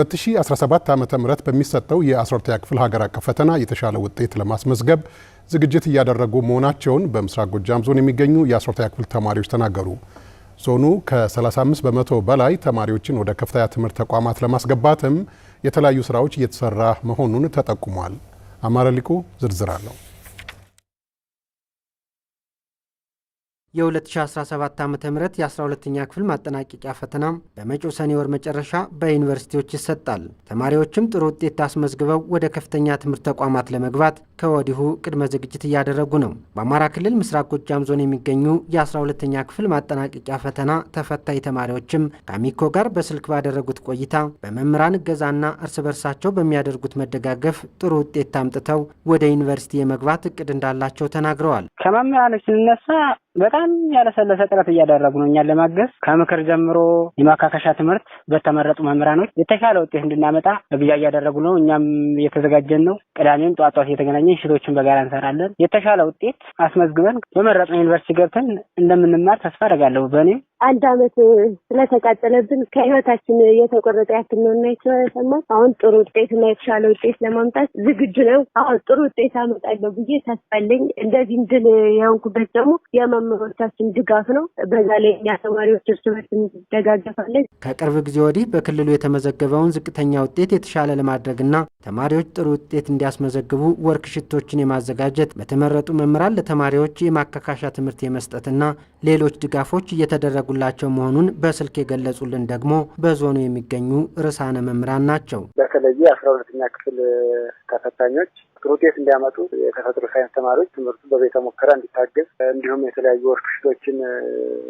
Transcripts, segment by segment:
2017 ዓ ም በሚሰጠው የ12ኛ ክፍል ሀገር አቀፍ ፈተና የተሻለ ውጤት ለማስመዝገብ ዝግጅት እያደረጉ መሆናቸውን በምስራቅ ጎጃም ዞን የሚገኙ የ12ኛ ክፍል ተማሪዎች ተናገሩ። ዞኑ ከ35 በመቶ በላይ ተማሪዎችን ወደ ከፍተኛ ትምህርት ተቋማት ለማስገባትም የተለያዩ ስራዎች እየተሰራ መሆኑን ተጠቁሟል። አማረ ሊቁ ዝርዝር አለው። የ2017 ዓ ም የ12ኛ ክፍል ማጠናቀቂያ ፈተና በመጪው ሰኔ ወር መጨረሻ በዩኒቨርሲቲዎች ይሰጣል። ተማሪዎችም ጥሩ ውጤት አስመዝግበው ወደ ከፍተኛ ትምህርት ተቋማት ለመግባት ከወዲሁ ቅድመ ዝግጅት እያደረጉ ነው። በአማራ ክልል ምስራቅ ጎጃም ዞን የሚገኙ የ12ኛ ክፍል ማጠናቀቂያ ፈተና ተፈታኝ ተማሪዎችም ከአሚኮ ጋር በስልክ ባደረጉት ቆይታ በመምህራን እገዛና እርስ በርሳቸው በሚያደርጉት መደጋገፍ ጥሩ ውጤት ታምጥተው ወደ ዩኒቨርሲቲ የመግባት እቅድ እንዳላቸው ተናግረዋል። ከመምህራኖች ስንነሳ በጣም ያለሰለሰ ጥረት እያደረጉ ነው እኛን ለማገዝ ከምክር ጀምሮ የማካከሻ ትምህርት በተመረጡ መምህራኖች የተሻለ ውጤት እንድናመጣ እገዛ እያደረጉ ነው። እኛም እየተዘጋጀን ነው። ቅዳሜም ጠዋት ጠዋት እየተገናኘ ምሽቶችን በጋራ እንሰራለን። የተሻለ ውጤት አስመዝግበን በመረጥነው ዩኒቨርሲቲ ገብተን እንደምንማር ተስፋ አደርጋለሁ በእኔም አንድ አመት ስለተቃጠለብን ከህይወታችን የተቆረጠ ያክል ነው እና የተሰማ አሁን ጥሩ ውጤት እና የተሻለ ውጤት ለማምጣት ዝግጁ ነው። አሁን ጥሩ ውጤት አመጣለሁ ብዬ ተስፋለኝ። እንደዚህ እንድል የሆንኩበት ደግሞ የመምህሮቻችን ድጋፍ ነው። በዛ ላይ እኛ ተማሪዎች እርስ በርስ እንደጋገፋለን። ከቅርብ ጊዜ ወዲህ በክልሉ የተመዘገበውን ዝቅተኛ ውጤት የተሻለ ለማድረግና ተማሪዎች ጥሩ ውጤት እንዲያስመዘግቡ ሽቶችን የማዘጋጀት በተመረጡ መምህራን ለተማሪዎች የማካካሻ ትምህርት የመስጠትና ሌሎች ድጋፎች እየተደረጉ እየተደረጉላቸው መሆኑን በስልክ የገለጹልን ደግሞ በዞኑ የሚገኙ ርዕሳነ መምህራን ናቸው። በተለይ አስራ ሁለተኛ ክፍል ተፈታኞች ጥሩ ውጤት እንዲያመጡ የተፈጥሮ ሳይንስ ተማሪዎች ትምህርቱ በቤተ ሙከራ እንዲታገዝ እንዲሁም የተለያዩ ወርክሽቶችን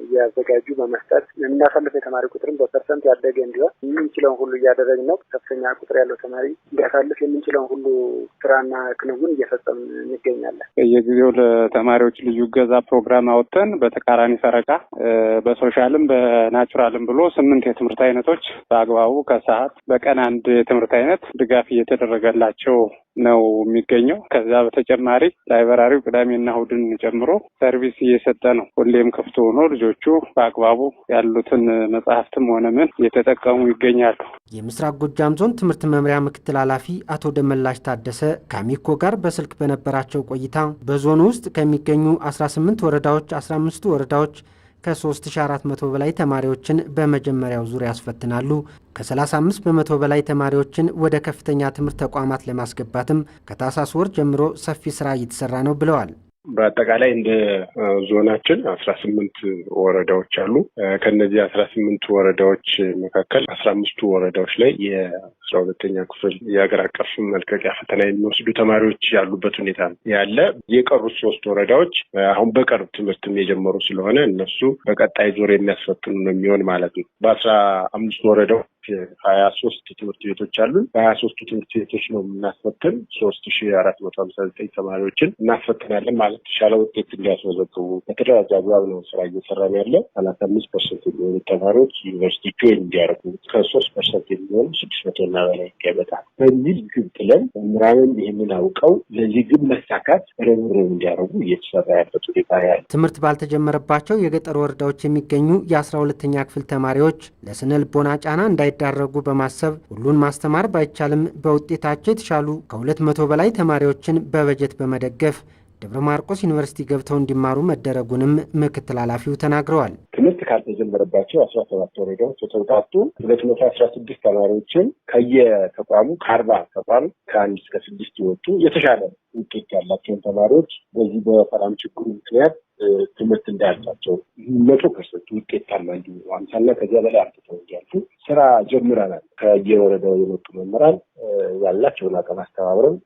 እያዘጋጁ በመስጠት የምናሳልፍ የተማሪ ቁጥርን በፐርሰንት ያደገ እንዲሆን የምንችለውን ሁሉ እያደረግን ነው። ከፍተኛ ቁጥር ያለው ተማሪ እንዲያሳልፍ የምንችለውን ሁሉ ስራና ክንውን እየፈጸም እንገኛለን። የጊዜው ለተማሪዎች ልዩ እገዛ ፕሮግራም አውጥተን በተቃራኒ ፈረቃ በሶሻልም በናቹራልም ብሎ ስምንት የትምህርት አይነቶች በአግባቡ ከሰዓት በቀን አንድ የትምህርት አይነት ድጋፍ እየተደረገላቸው ነው የሚገኘው። ከዛ በተጨማሪ ላይበራሪው ቅዳሜና እሁድን ጨምሮ ሰርቪስ እየሰጠ ነው። ሁሌም ክፍት ሆኖ ልጆቹ በአግባቡ ያሉትን መጽሐፍትም ሆነ ምን እየተጠቀሙ ይገኛሉ። የምስራቅ ጎጃም ዞን ትምህርት መምሪያ ምክትል ኃላፊ አቶ ደመላሽ ታደሰ ከአሚኮ ጋር በስልክ በነበራቸው ቆይታ በዞኑ ውስጥ ከሚገኙ 18 ወረዳዎች 15 ወረዳዎች ከ3400 በላይ ተማሪዎችን በመጀመሪያው ዙር ያስፈትናሉ። ከ35 በመቶ በላይ ተማሪዎችን ወደ ከፍተኛ ትምህርት ተቋማት ለማስገባትም ከታህሳስ ወር ጀምሮ ሰፊ ስራ እየተሰራ ነው ብለዋል በአጠቃላይ እንደ ዞናችን አስራ ስምንት ወረዳዎች አሉ። ከነዚህ አስራ ስምንት ወረዳዎች መካከል አስራ አምስቱ ወረዳዎች ላይ የአስራ ሁለተኛ ክፍል የሀገር አቀፍ መልቀቂያ ፈተና የሚወስዱ ተማሪዎች ያሉበት ሁኔታ ያለ የቀሩት ሶስት ወረዳዎች አሁን በቅርብ ትምህርትም የጀመሩ ስለሆነ እነሱ በቀጣይ ዞር የሚያስፈትኑ ነው የሚሆን ማለት ነው። በአስራ አምስቱ ወረዳዎች ሀያ ሶስት ትምህርት ቤቶች አሉ። በሀያ ሶስቱ ትምህርት ቤቶች ነው የምናስፈትን ሶስት ሺ አራት መቶ ሀምሳ ዘጠኝ ተማሪዎችን እናስፈትናለን ማለት ተሻለ ውጤት እንዲያስመዘግቡ በተደራጀ አግባብ ነው ስራ እየሰራ ነው ያለ። ሰላሳ አምስት ፐርሰንት የሚሆኑ ተማሪዎች ዩኒቨርሲቲ ጆይን እንዲያደርጉ ከሶስት ፐርሰንት የሚሆኑ ስድስት መቶ እና በላይ ይገበታል በሚል ግብ ጥለን መምህራንም ይህንን አውቀው ለዚህ ግብ መሳካት ርብርብ እንዲያደርጉ እየተሰራ ያለበት ሁኔታ ያለ። ትምህርት ባልተጀመረባቸው የገጠር ወረዳዎች የሚገኙ የአስራ ሁለተኛ ክፍል ተማሪዎች ለስነ ልቦና ጫና እንዳይ እንዳይዳረጉ በማሰብ ሁሉን ማስተማር ባይቻልም በውጤታቸው የተሻሉ ከ200 በላይ ተማሪዎችን በበጀት በመደገፍ ደብረ ማርቆስ ዩኒቨርሲቲ ገብተው እንዲማሩ መደረጉንም ምክትል ኃላፊው ተናግረዋል። ትምህርት ካልተጀመረባቸው አስራ ሰባት ወረዳዎች የተውጣጡ ሁለት መቶ አስራ ስድስት ተማሪዎችን ከየተቋሙ ከአርባ ተቋም ከአንድ እስከ ስድስት የወጡ የተሻለ ውጤት ያላቸውን ተማሪዎች በዚህ በሰላም ችግሩ ምክንያት ትምህርት እንዳያልፋቸው መቶ ፐርሰንት ውጤታማ እንዲሆኑ አምሳና ከዚያ በላይ አምጥተው እንዲያልፉ ስራ ጀምረናል። ከየወረዳው የመጡ መምህራን ያላቸውን አቅም አስተባብረን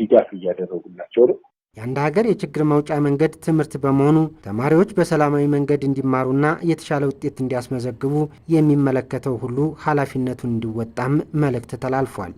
ድጋፍ እያደረጉላቸው ነው። የአንድ ሀገር የችግር መውጫ መንገድ ትምህርት በመሆኑ ተማሪዎች በሰላማዊ መንገድ እንዲማሩና የተሻለ ውጤት እንዲያስመዘግቡ የሚመለከተው ሁሉ ኃላፊነቱን እንዲወጣም መልእክት ተላልፏል።